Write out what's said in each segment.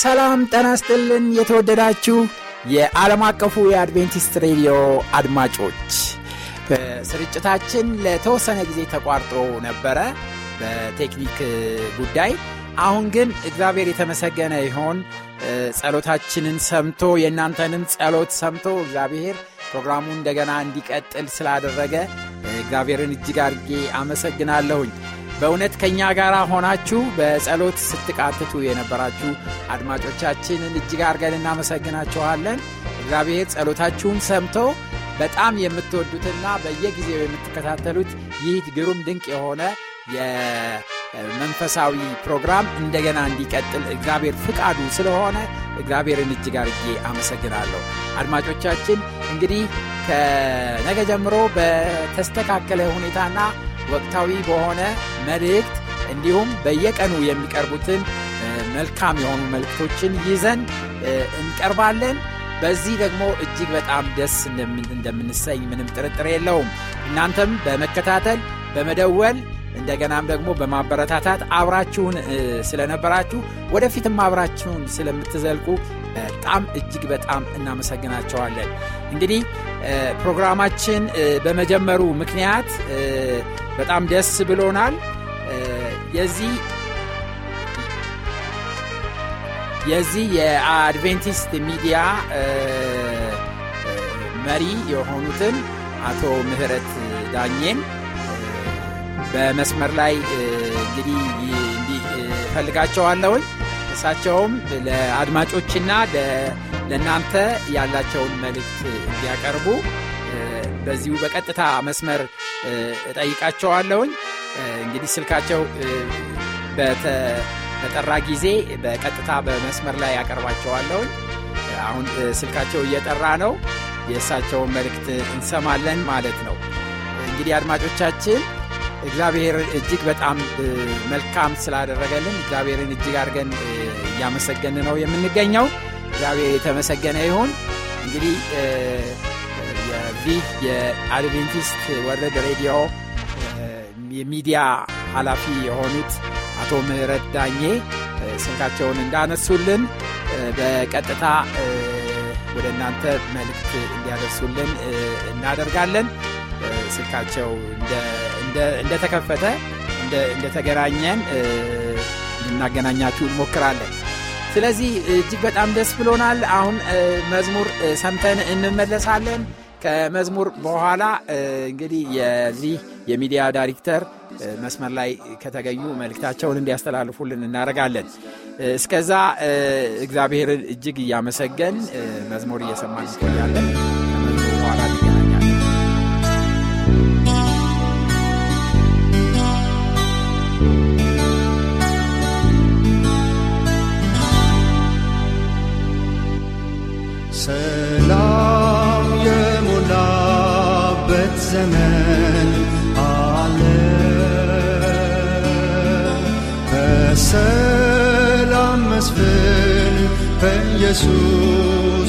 ሰላም ጠና ስጥልን የተወደዳችሁ የዓለም አቀፉ የአድቬንቲስት ሬዲዮ አድማጮች ስርጭታችን ለተወሰነ ጊዜ ተቋርጦ ነበረ በቴክኒክ ጉዳይ አሁን ግን እግዚአብሔር የተመሰገነ ይሆን ጸሎታችንን ሰምቶ የእናንተንም ጸሎት ሰምቶ እግዚአብሔር ፕሮግራሙን እንደገና እንዲቀጥል ስላደረገ እግዚአብሔርን እጅግ አድርጌ አመሰግናለሁኝ በእውነት ከእኛ ጋር ሆናችሁ በጸሎት ስትቃትቱ የነበራችሁ አድማጮቻችንን እጅግ አርገን እናመሰግናችኋለን። እግዚአብሔር ጸሎታችሁን ሰምቶ በጣም የምትወዱትና በየጊዜው የምትከታተሉት ይህ ግሩም ድንቅ የሆነ የመንፈሳዊ ፕሮግራም እንደገና እንዲቀጥል እግዚአብሔር ፍቃዱ ስለሆነ እግዚአብሔርን እጅግ አርጌ አመሰግናለሁ። አድማጮቻችን እንግዲህ ከነገ ጀምሮ በተስተካከለ ሁኔታና ወቅታዊ በሆነ መልእክት እንዲሁም በየቀኑ የሚቀርቡትን መልካም የሆኑ መልእክቶችን ይዘን እንቀርባለን በዚህ ደግሞ እጅግ በጣም ደስ እንደምንሰኝ ምንም ጥርጥር የለውም እናንተም በመከታተል በመደወል እንደገናም ደግሞ በማበረታታት አብራችሁን ስለነበራችሁ ወደፊትም አብራችሁን ስለምትዘልቁ በጣም እጅግ በጣም እናመሰግናቸዋለን እንግዲህ ፕሮግራማችን በመጀመሩ ምክንያት በጣም ደስ ብሎናል የዚህ የዚህ የአድቬንቲስት ሚዲያ መሪ የሆኑትን አቶ ምህረት ዳኘን በመስመር ላይ እንግዲህ እፈልጋቸዋለሁኝ። እሳቸውም ለአድማጮችና ለእናንተ ያላቸውን መልእክት እንዲያቀርቡ በዚሁ በቀጥታ መስመር እጠይቃቸዋለሁኝ። እንግዲህ ስልካቸው በተጠራ ጊዜ በቀጥታ በመስመር ላይ ያቀርባቸዋለሁ። አሁን ስልካቸው እየጠራ ነው። የእሳቸውን መልእክት እንሰማለን ማለት ነው። እንግዲህ አድማጮቻችን እግዚአብሔር እጅግ በጣም መልካም ስላደረገልን እግዚአብሔርን እጅግ አድርገን እያመሰገን ነው የምንገኘው። እግዚአብሔር የተመሰገነ ይሁን። እንግዲህ የዚህ የአድቬንቲስት ወረድ ሬዲዮ የሚዲያ ኃላፊ የሆኑት አቶ ምህረት ዳኜ ስልካቸውን እንዳነሱልን በቀጥታ ወደ እናንተ መልእክት እንዲያደርሱልን እናደርጋለን። ስልካቸው እንደተከፈተ እንደተገናኘን እናገናኛችሁ እንሞክራለን። ስለዚህ እጅግ በጣም ደስ ብሎናል። አሁን መዝሙር ሰምተን እንመለሳለን። ከመዝሙር በኋላ እንግዲህ የዚህ የሚዲያ ዳይሬክተር መስመር ላይ ከተገኙ መልእክታቸውን እንዲያስተላልፉልን እናደርጋለን። እስከዛ እግዚአብሔርን እጅግ እያመሰገን መዝሙር እየሰማን እንቆያለን። Jesús.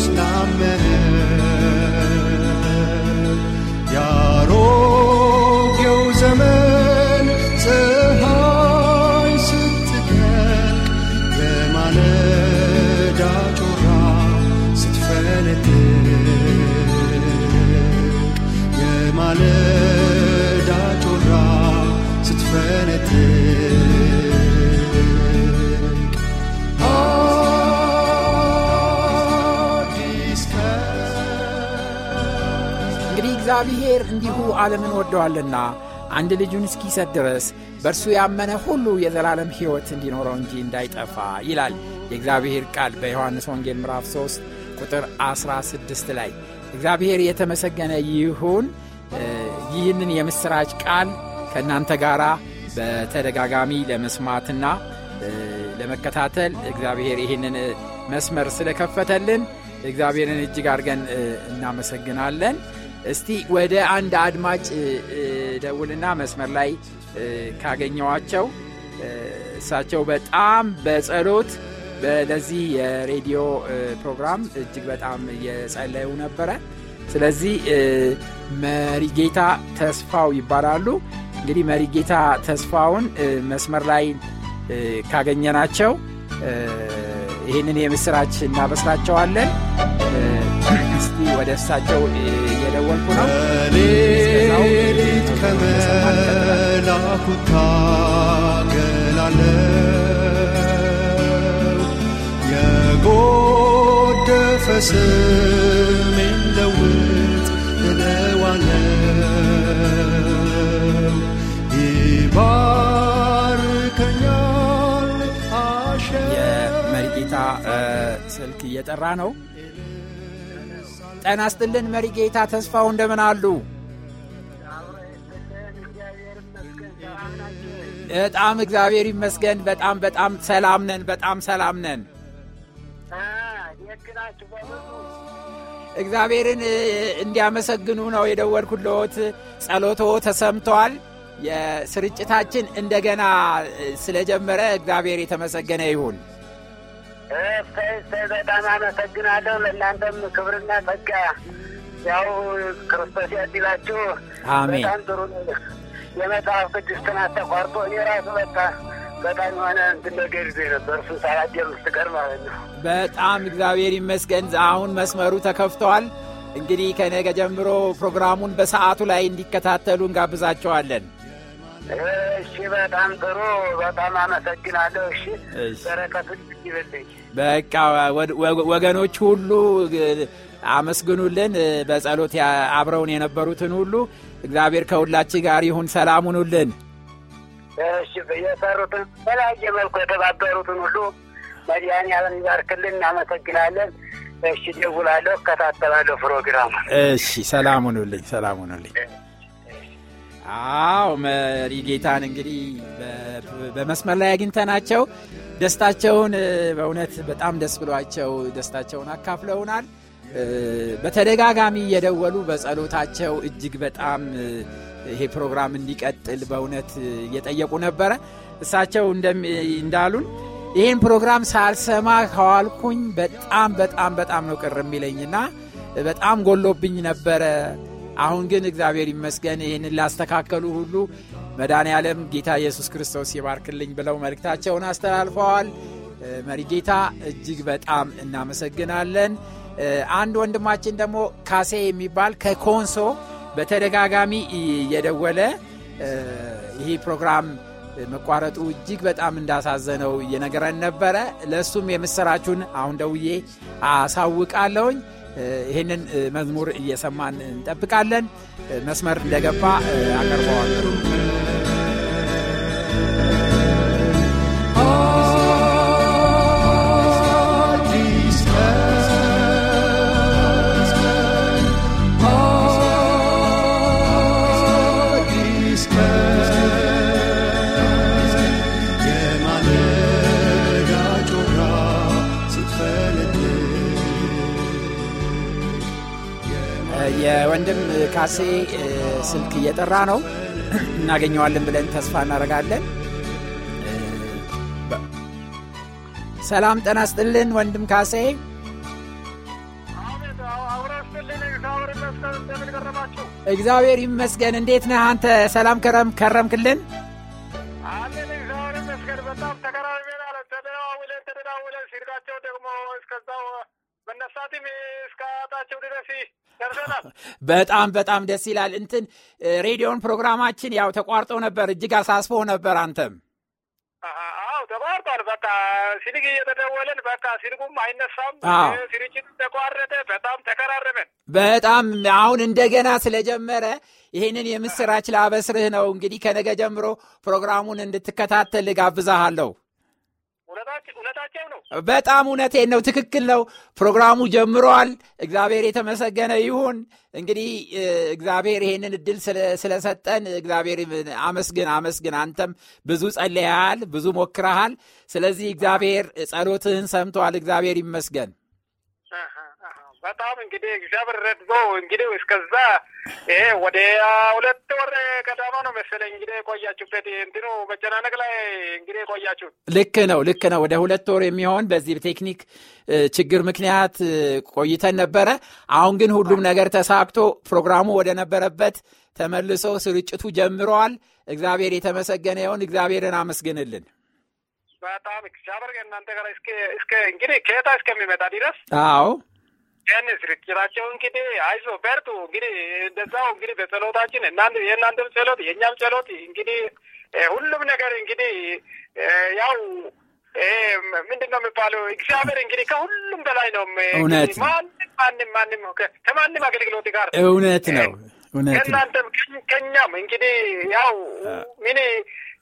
እግዚአብሔር እንዲሁ ዓለምን ወደዋልና አንድ ልጁን እስኪሰጥ ድረስ በእርሱ ያመነ ሁሉ የዘላለም ሕይወት እንዲኖረው እንጂ እንዳይጠፋ ይላል የእግዚአብሔር ቃል በዮሐንስ ወንጌል ምዕራፍ 3 ቁጥር 16 ላይ እግዚአብሔር የተመሰገነ ይሁን። ይህንን የምሥራች ቃል ከእናንተ ጋር በተደጋጋሚ ለመስማትና ለመከታተል እግዚአብሔር ይህንን መስመር ስለከፈተልን እግዚአብሔርን እጅግ አድርገን እናመሰግናለን። እስቲ ወደ አንድ አድማጭ ደውልና መስመር ላይ ካገኘዋቸው እሳቸው በጣም በጸሎት ለዚህ የሬዲዮ ፕሮግራም እጅግ በጣም እየጸለዩ ነበረ ስለዚህ መሪጌታ ተስፋው ይባላሉ እንግዲህ መሪጌታ ተስፋውን መስመር ላይ ካገኘናቸው ይህንን የምስራች እናበስራቸዋለን እስቲ ወደ እሳቸው እየደወልኩ ነው ሌሊት ከመላኩ ታገላለው የጎደፈ ስሜን ለውጥ እለዋለው ይባርከኛል የመርጌታ ስልክ እየጠራ ነው ጤና ይስጥልን መሪ ጌታ ተስፋው እንደምን አሉ? በጣም እግዚአብሔር ይመስገን። በጣም በጣም ሰላም ነን። በጣም ሰላም ነን። እግዚአብሔርን እንዲያመሰግኑ ነው የደወልኩልዎት። ጸሎቶ ተሰምተዋል። የስርጭታችን እንደገና ስለጀመረ እግዚአብሔር የተመሰገነ ይሁን። በጣም አመሰግናለሁ። ለእናንተም ክብርና ጸጋ ያው ክርስቶስ ያድላችሁ። አሜን። በጣም ጥሩ የመጽሐፍ ቅዱስ ጥናት ተቋርጦ እኔ ራሱ በቃ በጣም የሆነ እንትን ነገር ይዞ ነበር እሱ ሳላጀር ስትቀር ማለት ነው። በጣም እግዚአብሔር ይመስገን። አሁን መስመሩ ተከፍተዋል። እንግዲህ ከነገ ጀምሮ ፕሮግራሙን በሰዓቱ ላይ እንዲከታተሉ እንጋብዛቸዋለን። እሺ፣ በጣም ጥሩ። በጣም አመሰግናለሁ። እሺ፣ በረከቱን ይብልኝ። በቃ ወገኖች ሁሉ አመስግኑልን። በጸሎት አብረውን የነበሩትን ሁሉ እግዚአብሔር ከሁላች ጋር ይሁን፣ ሰላሙኑልን የሰሩትን በተለያየ መልኩ የተባበሩትን ሁሉ መድኃኔዓለም ይባርክልን። እናመሰግናለን። እሺ፣ ደውላለሁ፣ እከታተላለሁ ፕሮግራም። እሺ፣ ሰላሙኑልኝ ሰላሙኑልኝ አዎ መሪ ጌታን እንግዲህ በመስመር ላይ አግኝተናቸው ደስታቸውን በእውነት በጣም ደስ ብሏቸው ደስታቸውን አካፍለውናል። በተደጋጋሚ እየደወሉ በጸሎታቸው እጅግ በጣም ይሄ ፕሮግራም እንዲቀጥል በእውነት እየጠየቁ ነበረ። እሳቸው እንዳሉን ይህን ፕሮግራም ሳልሰማ ከዋልኩኝ በጣም በጣም በጣም ነው ቅር የሚለኝና በጣም ጎሎብኝ ነበረ አሁን ግን እግዚአብሔር ይመስገን ይህንን ላስተካከሉ ሁሉ መድኃኔዓለም ጌታ ኢየሱስ ክርስቶስ ይባርክልኝ ብለው መልእክታቸውን አስተላልፈዋል። መሪ ጌታ እጅግ በጣም እናመሰግናለን። አንድ ወንድማችን ደግሞ ካሴ የሚባል ከኮንሶ በተደጋጋሚ እየደወለ ይህ ፕሮግራም መቋረጡ እጅግ በጣም እንዳሳዘነው እየነገረን ነበረ። ለእሱም የምሰራችሁን አሁን ደውዬ አሳውቃለሁኝ። ይህንን መዝሙር እየሰማን እንጠብቃለን። መስመር እንደገባ አቀርበዋል። ካሴ ስልክ እየጠራ ነው እናገኘዋለን ብለን ተስፋ እናደርጋለን ሰላም ጠና ስጥልን ወንድም ካሴ እግዚአብሔር ይመስገን እንዴት ነህ አንተ ሰላም ከረምክልን በጣም በጣም ደስ ይላል። እንትን ሬዲዮን ፕሮግራማችን ያው ተቋርጦ ነበር። እጅግ አሳስቦ ነበር። አንተም አዎ ተቋርጧል። በቃ ስልክ እየተደወለን በቃ ስልኩም አይነሳም፣ ስርጭት ተቋረጠ። በጣም ተከራረበን። በጣም አሁን እንደገና ስለጀመረ ይህንን የምስራች ለአበስርህ ነው። እንግዲህ ከነገ ጀምሮ ፕሮግራሙን እንድትከታተል ጋብዛሃለሁ። እውነታቸው ነው። በጣም እውነቴን ነው። ትክክል ነው። ፕሮግራሙ ጀምሯል። እግዚአብሔር የተመሰገነ ይሁን። እንግዲህ እግዚአብሔር ይሄንን እድል ስለሰጠን እግዚአብሔር አመስግን አመስግን። አንተም ብዙ ጸልያሃል፣ ብዙ ሞክረሃል። ስለዚህ እግዚአብሔር ጸሎትህን ሰምተዋል። እግዚአብሔር ይመስገን። በጣም እንግዲህ እግዚአብሔር ረድቶ እንግዲህ እስከዛ ይሄ ወደ ሁለት ወር ቀዳማ ነው መሰለኝ እንግዲህ የቆያችሁበት እንትኑ መጨናነቅ ላይ እንግዲህ የቆያችሁ ልክ ነው፣ ልክ ነው። ወደ ሁለት ወር የሚሆን በዚህ ቴክኒክ ችግር ምክንያት ቆይተን ነበረ። አሁን ግን ሁሉም ነገር ተሳክቶ ፕሮግራሙ ወደ ነበረበት ተመልሶ ስርጭቱ ጀምረዋል። እግዚአብሔር የተመሰገነ ይሁን። እግዚአብሔርን አመስግንልን። በጣም እግዚአብሔር እናንተ ጋር እስከ እንግዲህ ከታ እስከሚመጣ ድረስ አዎ ያንን ስርጭራቸው እንግዲህ አይዞ በርቱ እንግዲህ እንደዛው እንግዲህ በጸሎታችን የእናንተም ጸሎት የእኛም ጸሎት እንግዲህ ሁሉም ነገር እንግዲህ ያው ምንድን ነው የሚባለው እግዚአብሔር እንግዲህ ከሁሉም በላይ ነው። እውነት ማንም ማንም ማንም ከማንም አገልግሎት ጋር እውነት ነው። እውነት ከእናንተም ከኛም እንግዲህ ያው ምን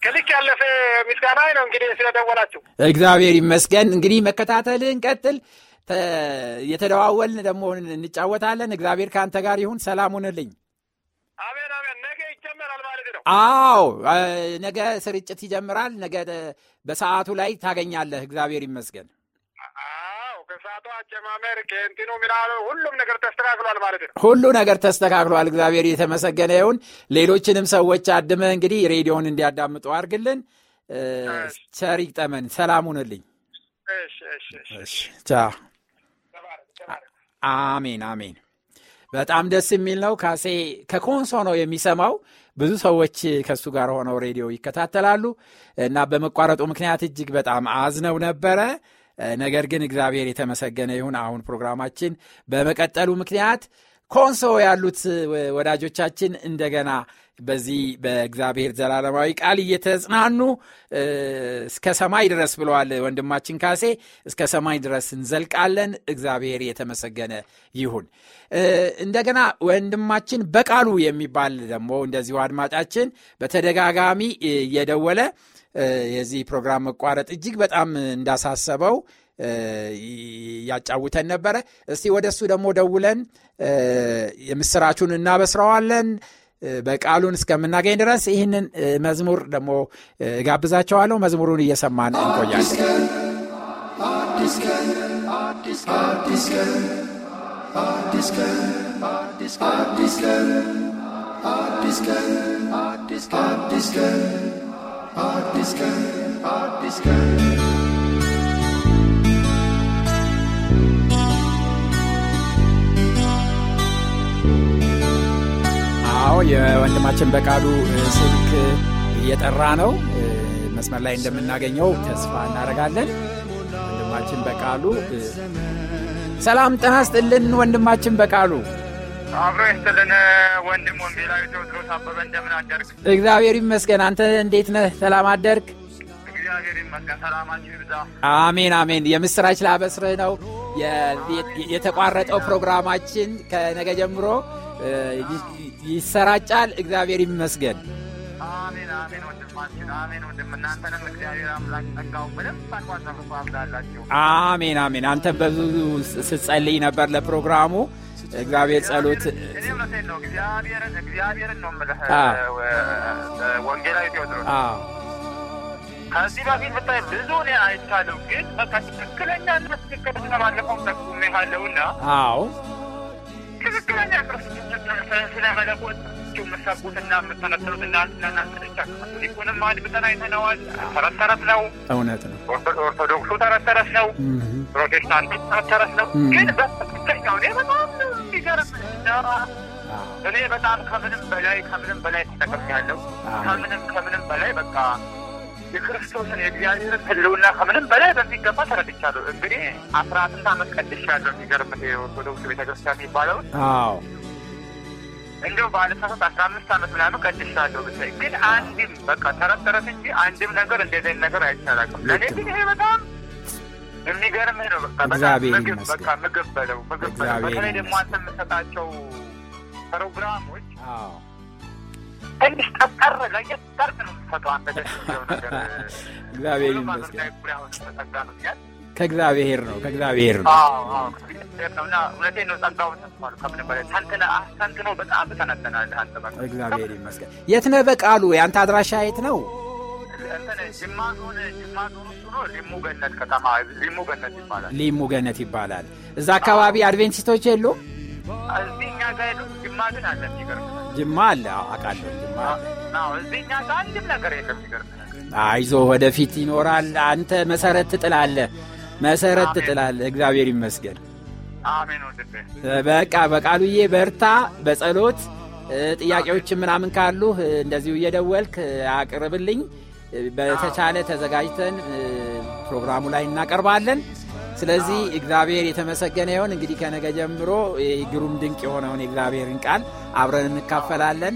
ከልክ ያለፈ ምስጋና ነው እንግዲህ ስለደወላችሁ እግዚአብሔር ይመስገን። እንግዲህ መከታተል ቀጥል። የተደዋወልን ደግሞ እንጫወታለን። እግዚአብሔር ከአንተ ጋር ይሁን። ሰላም ሁንልኝ። አሜን አሜን። ነገ ይጀመራል ማለት ነው? አዎ ነገ ስርጭት ይጀምራል። ነገ በሰዓቱ ላይ ታገኛለህ። እግዚአብሔር ይመስገን። አዎ ከሰዓቱ አጀማመር ከእንትኑ ምናምን ሁሉም ነገር ተስተካክሏል ማለት ነው። ሁሉ ነገር ተስተካክሏል። እግዚአብሔር የተመሰገነ ይሁን። ሌሎችንም ሰዎች አድመ እንግዲህ ሬዲዮን እንዲያዳምጡ አድርግልን። ቸሪቅ ጠመን ሰላም ሁንልኝ። ቻ አሜን አሜን። በጣም ደስ የሚል ነው። ካሴ ከኮንሶ ነው የሚሰማው። ብዙ ሰዎች ከእሱ ጋር ሆነው ሬዲዮ ይከታተላሉ እና በመቋረጡ ምክንያት እጅግ በጣም አዝነው ነበረ። ነገር ግን እግዚአብሔር የተመሰገነ ይሁን። አሁን ፕሮግራማችን በመቀጠሉ ምክንያት ኮንሶ ያሉት ወዳጆቻችን እንደገና በዚህ በእግዚአብሔር ዘላለማዊ ቃል እየተጽናኑ እስከ ሰማይ ድረስ ብለዋል ወንድማችን ካሴ። እስከ ሰማይ ድረስ እንዘልቃለን። እግዚአብሔር የተመሰገነ ይሁን። እንደገና ወንድማችን በቃሉ የሚባል ደግሞ እንደዚሁ አድማጫችን በተደጋጋሚ እየደወለ የዚህ ፕሮግራም መቋረጥ እጅግ በጣም እንዳሳሰበው ያጫውተን ነበረ። እስቲ ወደ እሱ ደግሞ ደውለን የምስራቹን እናበስረዋለን። በቃሉን እስከምናገኝ ድረስ ይህንን መዝሙር ደግሞ ጋብዛቸዋለሁ። መዝሙሩን እየሰማን እንቆያለን። አዲስ ቀን አዎ የወንድማችን በቃሉ ስልክ እየጠራ ነው። መስመር ላይ እንደምናገኘው ተስፋ እናደረጋለን ወንድማችን በቃሉ ሰላም ጤና ይስጥልን። ወንድማችን በቃሉ አብሮ ይስጥልን። ወንድም ወንጌላዊ ቴዎድሮስ አበበ እንደምን አደርግ? እግዚአብሔር ይመስገን። አንተ እንዴት ነህ? ሰላም አደርግ? እግዚአብሔር ይመስገን። ሰላማችሁ ይብዛ። አሜን አሜን። የምስራች ላበስርህ ነው። የተቋረጠው ፕሮግራማችን ከነገ ጀምሮ ይሰራጫል። እግዚአብሔር ይመስገን። አሜን አሜን። ወንድማችን አሜን። ወንድም እናንተንም እግዚአብሔር አምላክ ጠጋው ምንም ሳንኳን ተፈሶ አብዛላችሁ። አሜን አሜን። አንተ በብዙ ስጸልይ ነበር ለፕሮግራሙ እግዚአብሔር ጸሎት እግዚአብሔርን እግዚአብሔርን ነው የምልህ። ወንጌላዊ ቴዎድሮስ ከዚህ በፊት ብታይ ብዙ እኔ አይቻለሁ፣ ግን በቃ ትክክለኛ ትክክል ባለፈው ጠቁሜሃለሁና አዎ ትክክለኛ ቅርስ እውነት ነው። ኦርቶዶክሱ ተረት ተረት ነው፣ ፕሮቴስታንቱ ተረት ነው። ግን በትክክለኛው እኔ በጣም የሚገርም እኔ በጣም ከምንም በላይ ከምንም በላይ ተጠቅም ያለው ከምንም ከምንም በላይ በቃ የክርስቶስን የእግዚአብሔር ህልውና ከምንም በላይ በሚገባ ተረድቻለሁ። እንግዲህ አስራ ስንት ዓመት ቀድሻለሁ። የሚገርም ኦርቶዶክስ ቤተክርስቲያን የሚባለው እንዲሁ ባለሰባት አስራ አምስት ዓመት ምናምን ቀድሻለሁ። ብታይ ግን አንድም በቃ ተረጠረት እንጂ አንድም ነገር እንደዚህ ነገር አይቻላቅም። ለእኔ ግን ይሄ በጣም የሚገርምህ ነው። በቃ ምግብ በቃ ምግብ በለው ምግብ በለው። በተለይ ደግሞ አንተ የምሰጣቸው ፕሮግራሞች ትንሽ ጠጠር ለየት ጠርቅ ነው የምትሰጠው አንተ ነገር እግዚአብሔር ይመስገን ከእግዚአብሔር ነው ከእግዚአብሔር ነው እግዚአብሔር ይመስገን የት ነህ በቃሉ የአንተ አድራሻ የት ነው ሊሙ ገነት ይባላል እዛ አካባቢ አድቬንቲስቶች የሉ እዚህ እኛ ጅማ ግን አለ ጅማ አለ አውቃለሁ። ጅማ አንድም ነገር የለም። አይዞ ወደፊት ይኖራል። አንተ መሰረት ትጥላለህ፣ መሰረት ትጥላለህ። እግዚአብሔር ይመስገን። በቃ በቃሉዬ በርታ፣ በጸሎት ጥያቄዎች ምናምን ካሉ እንደዚሁ እየደወልክ አቅርብልኝ። በተቻለ ተዘጋጅተን ፕሮግራሙ ላይ እናቀርባለን። ስለዚህ እግዚአብሔር የተመሰገነ ይሆን። እንግዲህ ከነገ ጀምሮ ግሩም ድንቅ የሆነውን የእግዚአብሔርን ቃል አብረን እንካፈላለን።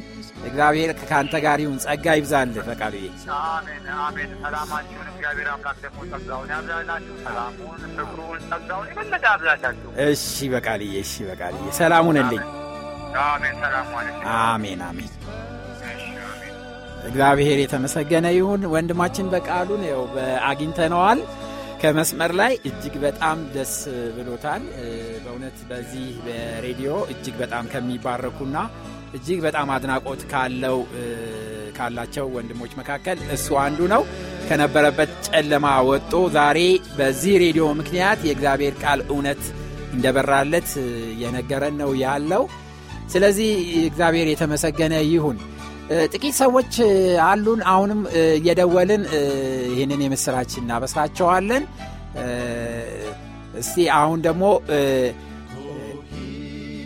እግዚአብሔር ከአንተ ጋር ይሁን። ጸጋ ይብዛል ፈቃዱ አሜን አሜን። ሰላማችሁን እግዚአብሔር አምላክ ደግሞ ጸጋውን ያብዛላችሁ። ሰላሙን፣ ፍቅሩን፣ ጸጋውን የበለጠ ያብዛላችሁ። እሺ በቃልዬ፣ እሺ በቃልዬ፣ ሰላሙን እልኝ። አሜን። ሰላሙ አሜን አሜን። እግዚአብሔር የተመሰገነ ይሁን። ወንድማችን በቃሉን ው አግኝተነዋል። ከመስመር ላይ እጅግ በጣም ደስ ብሎታል። በእውነት በዚህ በሬዲዮ እጅግ በጣም ከሚባረኩና እጅግ በጣም አድናቆት ካለው ካላቸው ወንድሞች መካከል እሱ አንዱ ነው። ከነበረበት ጨለማ ወጥቶ ዛሬ በዚህ ሬዲዮ ምክንያት የእግዚአብሔር ቃል እውነት እንደበራለት የነገረን ነው ያለው። ስለዚህ እግዚአብሔር የተመሰገነ ይሁን። ጥቂት ሰዎች አሉን። አሁንም እየደወልን ይህንን የምስራች እናበስራቸዋለን። እስቲ አሁን ደግሞ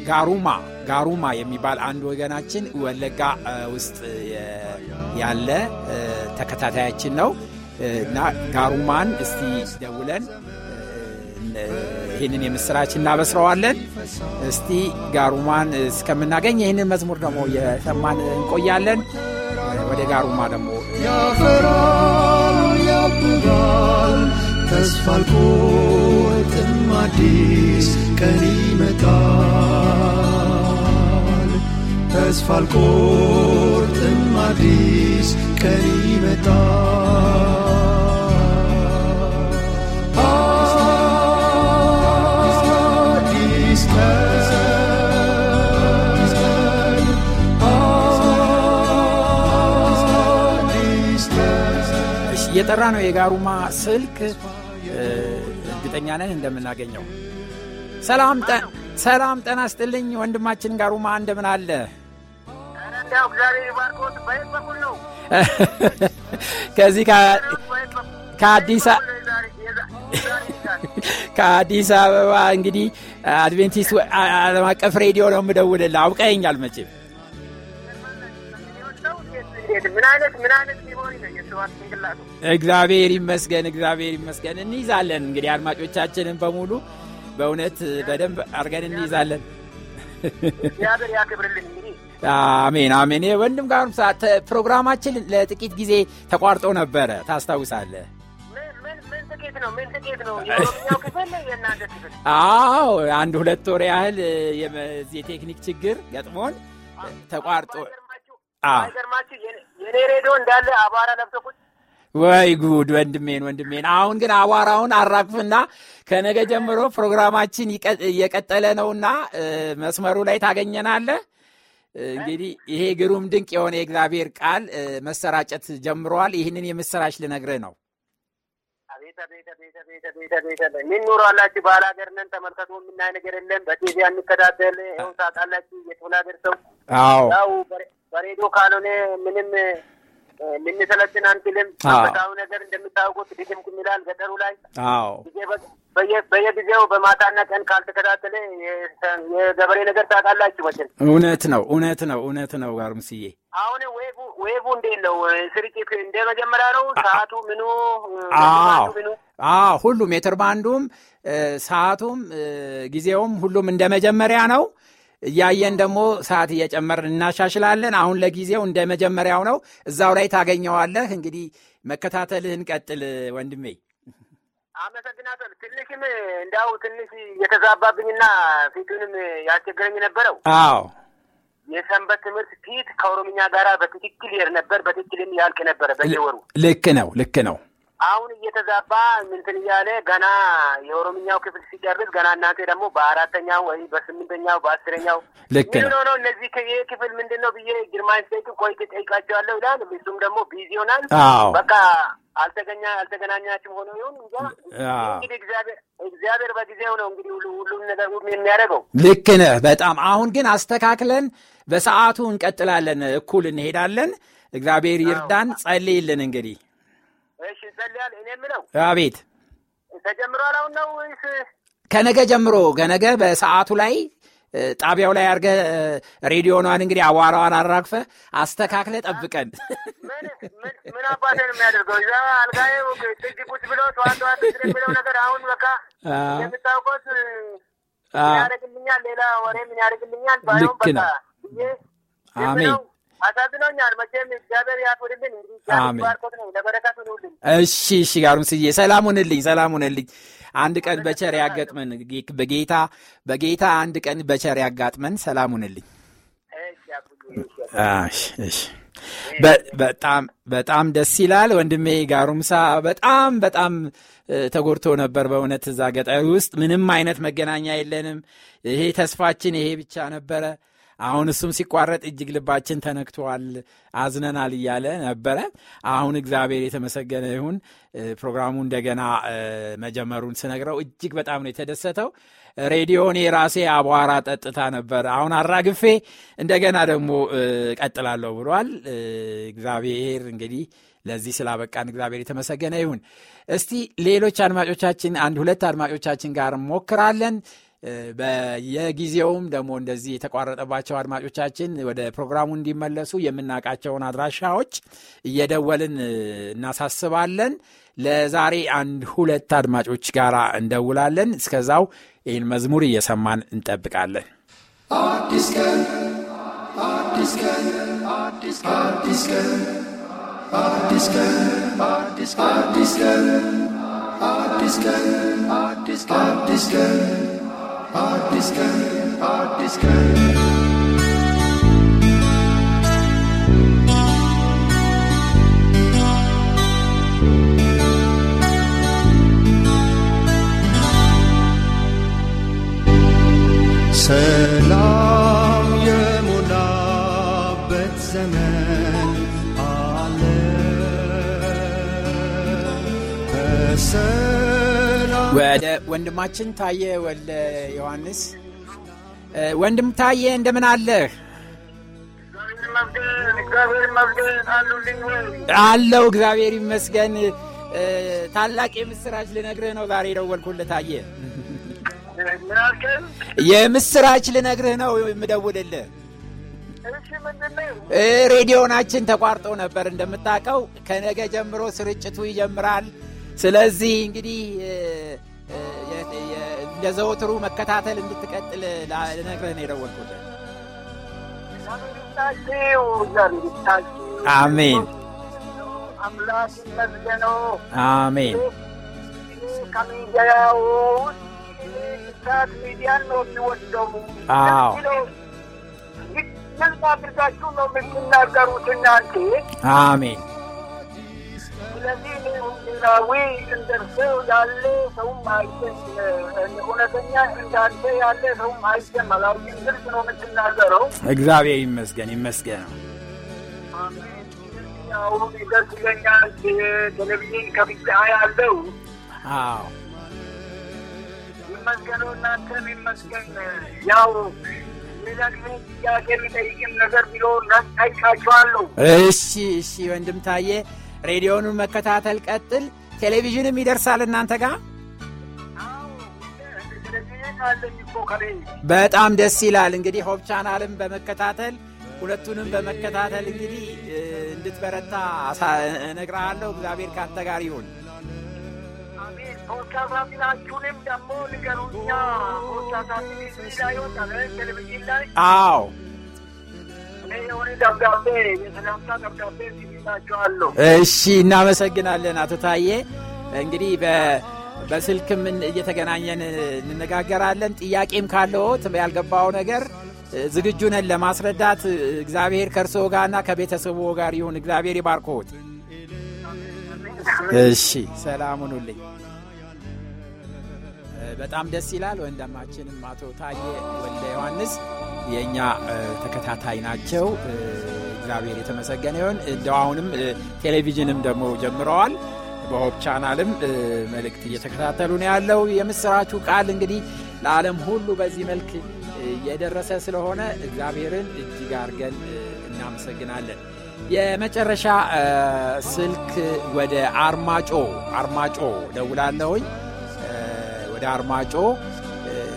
ጋሩማ ጋሩማ የሚባል አንድ ወገናችን ወለጋ ውስጥ ያለ ተከታታያችን ነው እና ጋሩማን እስቲ ደውለን ይህንን የምስራች እናበስረዋለን። እስቲ ጋሩማን እስከምናገኝ ይህንን መዝሙር ደግሞ የሰማን እንቆያለን። ወደ ጋሩማ ደግሞ ያፈራል ያብባል ተስፋ አዲስ ቀን ይመጣል ተስፋ አዲስ ቀን ይመጣል እየጠራ ነው የጋሩማ ስልክ እርግጠኛ ነን እንደምናገኘው። ሰላም ጠና ስጥልኝ ወንድማችን ጋሩማ እንደምን አለ? ከዚህ ከአዲስ አበባ እንግዲህ አድቬንቲስት አለም አቀፍ ሬዲዮ ነው የምደውልልህ። አውቀኸኛል መቼም ምን አይነት ምን አይነት እግዚአብሔር ይመስገን፣ እግዚአብሔር ይመስገን። እንይዛለን እንግዲህ አድማጮቻችንን በሙሉ በእውነት በደንብ አድርገን እንይዛለን። አሜን አሜን። ወንድም ጋር ፕሮግራማችን ለጥቂት ጊዜ ተቋርጦ ነበረ ታስታውሳለህ? አዎ አንድ ሁለት ወር ያህል የቴክኒክ ችግር ገጥሞን ተቋርጦ አይገርማችሁ እኔ ሬዲዮ እንዳለ አቧራ ለብሰው ቁጭ ወይ ጉድ! ወንድሜን ወንድሜን፣ አሁን ግን አቧራውን አራግፍና ከነገ ጀምሮ ፕሮግራማችን እየቀጠለ ነውና መስመሩ ላይ ታገኘናለ እንግዲህ ይሄ ግሩም ድንቅ የሆነ የእግዚአብሔር ቃል መሰራጨት ጀምረዋል። ይህንን የምስራች ልነግርህ ነው። ምን ኑሮ አላችሁ? ባል ሀገር ነን ተመልከቱ። የምናይ ነገር የለም። በቲቪ አንከታተል። ይኸው ታውቃላችሁ፣ የቱን ሀገር ሰው ያው በሬዲዮ ካልሆነ ምንም ልንሰለጥን አንችልም። አንበሳዊ ነገር እንደምታውቁት ድግምት ይላል ገጠሩ ላይ አዎ በየጊዜው በማታና ቀን ካልተከታተለ የገበሬ ነገር ታውቃላችሁ መቼም። እውነት ነው፣ እውነት ነው፣ እውነት ነው። ጋር ምስዬ አሁን ዌቡ ዌቡ እንዴት ነው ስርጭት? እንደ መጀመሪያ ነው ሰዓቱ ምኑ ምኑ አዎ ሁሉም ሜትር ባንዱም ሰዓቱም ጊዜውም ሁሉም እንደ መጀመሪያ ነው። እያየን ደግሞ ሰዓት እየጨመርን እናሻሽላለን። አሁን ለጊዜው እንደ መጀመሪያው ነው። እዛው ላይ ታገኘዋለህ። እንግዲህ መከታተልህን ቀጥል ወንድሜ። አመሰግናለሁ። ትንሽም እንዳው ትንሽ የተዛባብኝና ፊቱንም ያስቸገረኝ ነበረው። አዎ የሰንበት ትምህርት ፊት ከኦሮምኛ ጋራ በትክክል ይሄድ ነበር። በትክክልም ያልቅ ነበረ በየወሩ። ልክ ነው፣ ልክ ነው። አሁን እየተዛባ ምንትን እያለ ገና የኦሮምኛው ክፍል ሲጨርስ ገና እናንተ ደግሞ በአራተኛው ወይ በስምንተኛው በአስረኛው ልክ ነው ነው እነዚህ ይህ ክፍል ምንድን ነው ብዬ ግርማን ስጠይቅ ቆይ ጠይቃቸዋለሁ ይላል። እሱም ደግሞ ቢዚ ይሆናል። በቃ አልተገኛ አልተገናኛችም ሆኖ ይሁን እንግዲህ እግዚአብሔር በጊዜው ነው እንግዲህ ሁሉም ነገር የሚያደርገው። ልክ ነህ በጣም አሁን ግን አስተካክለን በሰዓቱ እንቀጥላለን። እኩል እንሄዳለን። እግዚአብሔር ይርዳን። ጸልይልን እንግዲህ እሺ ይጸልያል። እኔ የምለው አቤት ተጀምሯል። አሁን ነው ወይስ ከነገ ጀምሮ ከነገ በሰዓቱ ላይ ጣቢያው ላይ አርገ ሬዲዮኗን እንግዲህ አዋራዋን አራግፈ አስተካክለ ጠብቀን። ምን አባት የሚያደርገው እዛ አልጋ ጥግ ቁጭ ብሎ ተዋንተ ዋ ብለው ነገር አሁን በቃ የምታውቆት ምን ያደርግልኛል? ሌላ ወሬ ምን ያደርግልኛል? ልክ ነው። አሜን አሳዝኖኛል። መቼም እግዚአብሔር ያፍርልን። እንግዲህ ባርኮት ነው ለበረከቱ ይሁልን። እሺ እሺ፣ ጋሩም ስዬ ሰላም ሁንልኝ፣ ሰላም ሁንልኝ። አንድ ቀን በቸር ያጋጥመን በጌታ በጌታ አንድ ቀን በቸር ያጋጥመን። ሰላም ሁንልኝ። እሺ በጣም በጣም ደስ ይላል ወንድሜ ጋሩምሳ። በጣም በጣም ተጎድቶ ነበር በእውነት እዛ ገጠር ውስጥ ምንም አይነት መገናኛ የለንም። ይሄ ተስፋችን ይሄ ብቻ ነበረ። አሁን እሱም ሲቋረጥ እጅግ ልባችን ተነክተዋል አዝነናል እያለ ነበረ። አሁን እግዚአብሔር የተመሰገነ ይሁን ፕሮግራሙ እንደገና መጀመሩን ስነግረው እጅግ በጣም ነው የተደሰተው። ሬዲዮን የራሴ አቧራ ጠጥታ ነበር፣ አሁን አራግፌ እንደገና ደግሞ ቀጥላለሁ ብሏል። እግዚአብሔር እንግዲህ ለዚህ ስላበቃን እግዚአብሔር የተመሰገነ ይሁን። እስቲ ሌሎች አድማጮቻችን አንድ ሁለት አድማጮቻችን ጋር ሞክራለን። በየጊዜውም ደግሞ እንደዚህ የተቋረጠባቸው አድማጮቻችን ወደ ፕሮግራሙ እንዲመለሱ የምናውቃቸውን አድራሻዎች እየደወልን እናሳስባለን። ለዛሬ አንድ ሁለት አድማጮች ጋር እንደውላለን። እስከዛው ይህን መዝሙር እየሰማን እንጠብቃለን። አዲስ ቀን አዲስ ቀን አዲስ ቀን አዲስ ቀን አዲስ ቀን አዲስ ቀን አዲስ ቀን አዲስ ቀን Art is kind, art is kind. ወንድማችን ታየ ወለ ዮሐንስ ወንድም ታየ እንደምን አለህ? አለው እግዚአብሔር ይመስገን። ታላቅ የምስራች ልነግርህ ነው ዛሬ ደወልኩል ታየ። የምስራች ልነግርህ ነው የምደውልልህ። ሬዲዮናችን ተቋርጦ ነበር እንደምታውቀው። ከነገ ጀምሮ ስርጭቱ ይጀምራል። ስለዚህ እንግዲህ እንደ ዘወትሩ መከታተል እንድትቀጥል ልነግርህ ነው የደወልኩት። አሜን። አምላክ ይመስገነው። አሜን። ከሚዲያው ሚዲያን ነው የሚወደው። አዎ አድርጋችሁ ነው የምትናገሩት እናንተ። አሜን። ስለዚህ እንደርሰው ያለ ሰውም እውነተኛ እንዳንተ ያለ ሰውም ነው የምትናገረው። እግዚአብሔር ይመስገን ይመስገን። አሁን ደስ ይለኛል። ቴሌቪዥን ያለው አዎ ይመስገኑ እናንተም ይመስገን። ያው ሌላ ጥያቄ የሚጠይቅም ነገር ቢሎ እንዳይካቸዋለሁ። እሺ እሺ፣ ወንድም ታየ ሬዲዮኑን መከታተል ቀጥል። ቴሌቪዥንም ይደርሳል እናንተ ጋር። በጣም ደስ ይላል። እንግዲህ ሆብ ቻናልም በመከታተል ሁለቱንም በመከታተል እንግዲህ እንድትበረታ ነግራለሁ እግዚአብሔር ካንተ ጋር ይሁን። ንገሩኛ። ቴሌቪዥን ላይ አዎ፣ ደብዳቤ ደብዳቤ እሺ፣ እናመሰግናለን አቶ ታዬ። እንግዲህ በስልክም እየተገናኘን እንነጋገራለን። ጥያቄም ካለዎት ያልገባው ነገር ዝግጁ ነን ለማስረዳት። እግዚአብሔር ከእርስዎ ጋርና ከቤተሰቡ ጋር ይሁን። እግዚአብሔር ይባርኮት። እሺ፣ ሰላም በጣም ደስ ይላል። ወንደማችንም አቶ ታዬ ወደ ዮሐንስ የእኛ ተከታታይ ናቸው። እግዚአብሔር የተመሰገነ ይሆን እንደው አሁንም ቴሌቪዥንም ደግሞ ጀምረዋል። በሆብ ቻናልም መልእክት እየተከታተሉ ነው ያለው። የምስራቹ ቃል እንግዲህ ለዓለም ሁሉ በዚህ መልክ የደረሰ ስለሆነ እግዚአብሔርን እጅግ አርገን እናመሰግናለን። የመጨረሻ ስልክ ወደ አርማጮ አርማጮ ደውላለሁኝ። ወደ አርማጮ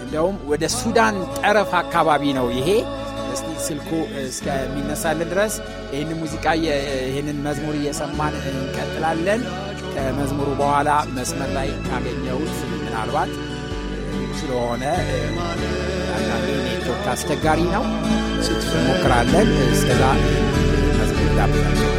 እንደውም ወደ ሱዳን ጠረፍ አካባቢ ነው ይሄ ስልኩ እስከሚነሳል ድረስ ይህን ሙዚቃ ይህንን መዝሙር እየሰማን እንቀጥላለን። ከመዝሙሩ በኋላ መስመር ላይ ካገኘሁት ምናልባት ስለሆነ ኔትወርክ አስቸጋሪ ነው ሞክራለን እስከዛ መዝሙር ዳብዛቸው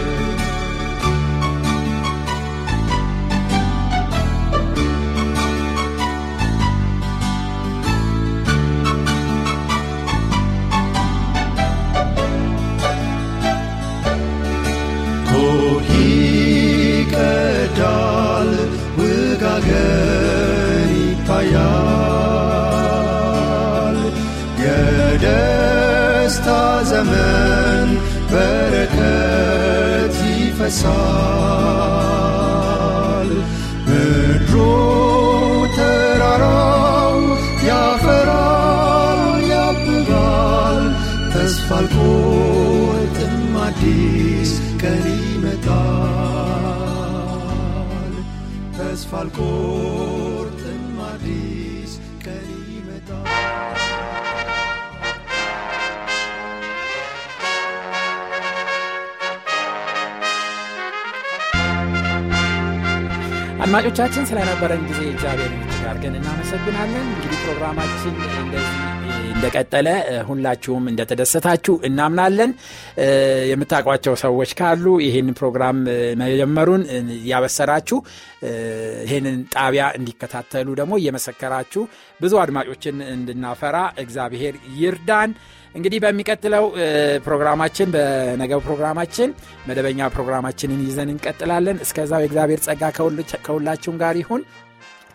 saw አድማጮቻችን ስለነበረን ጊዜ እግዚአብሔር ጋርገን እናመሰግናለን። እንግዲህ ፕሮግራማችን እንደቀጠለ ሁላችሁም እንደተደሰታችሁ እናምናለን። የምታውቋቸው ሰዎች ካሉ ይህን ፕሮግራም መጀመሩን እያበሰራችሁ ይህንን ጣቢያ እንዲከታተሉ ደግሞ እየመሰከራችሁ ብዙ አድማጮችን እንድናፈራ እግዚአብሔር ይርዳን። እንግዲህ በሚቀጥለው ፕሮግራማችን በነገው ፕሮግራማችን መደበኛ ፕሮግራማችንን ይዘን እንቀጥላለን። እስከዛው የእግዚአብሔር ጸጋ ከሁላችሁም ጋር ይሁን።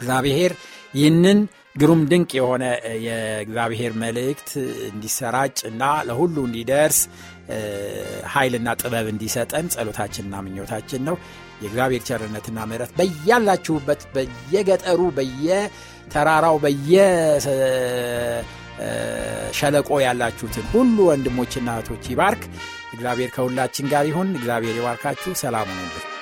እግዚአብሔር ይህንን ግሩም ድንቅ የሆነ የእግዚአብሔር መልእክት እንዲሰራጭ እና ለሁሉ እንዲደርስ ኃይልና ጥበብ እንዲሰጠን ጸሎታችንና ምኞታችን ነው። የእግዚአብሔር ቸርነትና ምረት በያላችሁበት በየገጠሩ በየተራራው በየ ሸለቆ ያላችሁትን ሁሉ ወንድሞችና እህቶች ይባርክ። እግዚአብሔር ከሁላችን ጋር ይሁን። እግዚአብሔር ይባርካችሁ። ሰላም ሁኑልን።